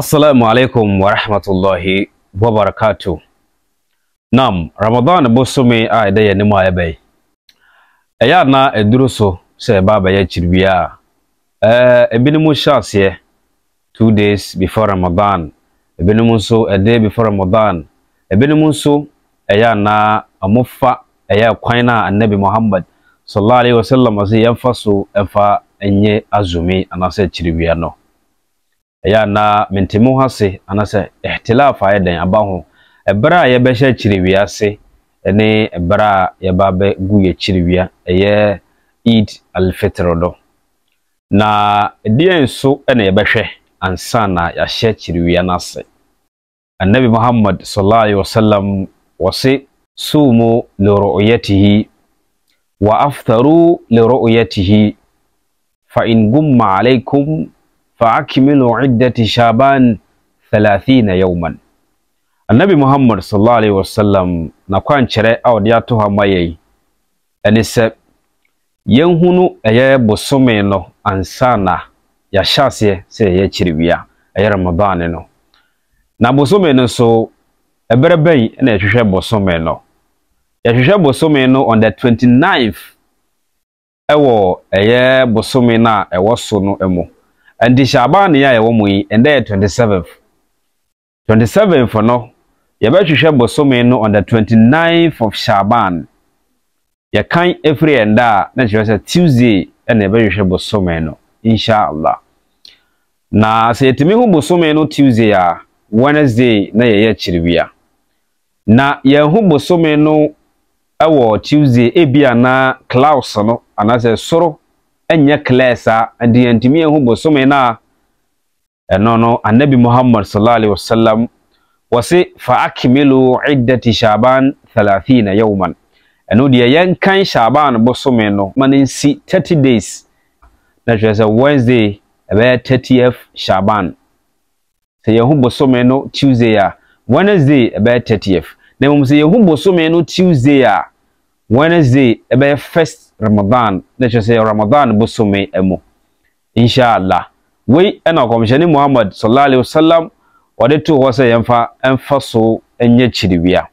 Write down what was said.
Assalamu alaikum wa rahmatullahi wa barakatuh. Nam, Ramadan bosome a ɛda yɛ ne mu a ɛbɛyɛ. Ɛyɛ ana so sɛ ɛba abɛyɛ akyiri bia a, ebinom hyɛ aseɛ two days before Ramadan, ebinom nso a day before Ramadan, ebinom nso ɛyɛ ana ɔmofa ɛyɛ kwan na Annabi Muhammad sallallahu alaihi wasallam ase yɛmfa so ɛmfa ɛnyɛ azumi anaasɛ akyiri no. ya na mintimu ho anase anaasɛ ya ayɛ dɛn ebra ya ɛberɛ a yɛbɛhyɛ kyiriwia ase ne ɛberɛ a yɛ kyiriwia na deɛ nso na yɛbɛhwɛ na yɛahyɛ annabi muhammad sallallahu wa sallam wasi sumu liru'yatihi wa aftaru liru'yatihi fa in gumma alaikum fa'akmilu iddati shaban 30 yawman annabi muhammad sallallahu alaihi wasallam na kwankyerɛ a ɔde ato hɔ ma yɛn ɛne sɛ yɛnhunu ɛyɛ bosome no ansa na yɛahyɛ aseɛ sɛ yɛyɛ kyerewia ɛyɛ ramadan no na bosome no nso ɛberɛ bɛn na yɛhwehwɛ bosome no yɛhwehwɛ bosome no on the 29th ɛwɔ ɛyɛ bosome no a so no mu nti hyɛaban ne yɛ a yɛwɔ yi ɛndɛ yɛ 27th 27th no yɛbɛhwehwɛ bosome no on the 29th of shaban yɛkan ɛfiri ɛnda a na kyerɛ sɛ tuesday ɛna yɛbɛhwehwɛ bosome no inshallah na sɛ yɛtumi ho bosome no tuesday ya wednesday na yɛyɛ kyiribia na yɛho bosome no ɛwɔ tuesday ebi anaa clouds no anaasɛ soro ɛnyɛ clear saa ɛnti yɛntumi yɛn bosome no a no annabi muhammad sallallahu alaihi wasallam wɔse fa akmilu iddati shaban 30 yawman ɛno deɛ yɛnkan shaban bosome no ma nsi 30 days na kyerɛ wednesday ɛbɛyɛ 30th shaban se yehu bosome no tuesday a wednesday ɛbɛyɛ 30th na mmom se yehu bosome no tuesday a wednesday ɛbɛyɛ first ramadan ne kyerɛ sɛ ramadan busume mu inshallah wei ena ɔkɔmhyɛne muhammad sallallahu alaihi wasallam ɔde too hɔ sɛ yɛmfa ɛmfa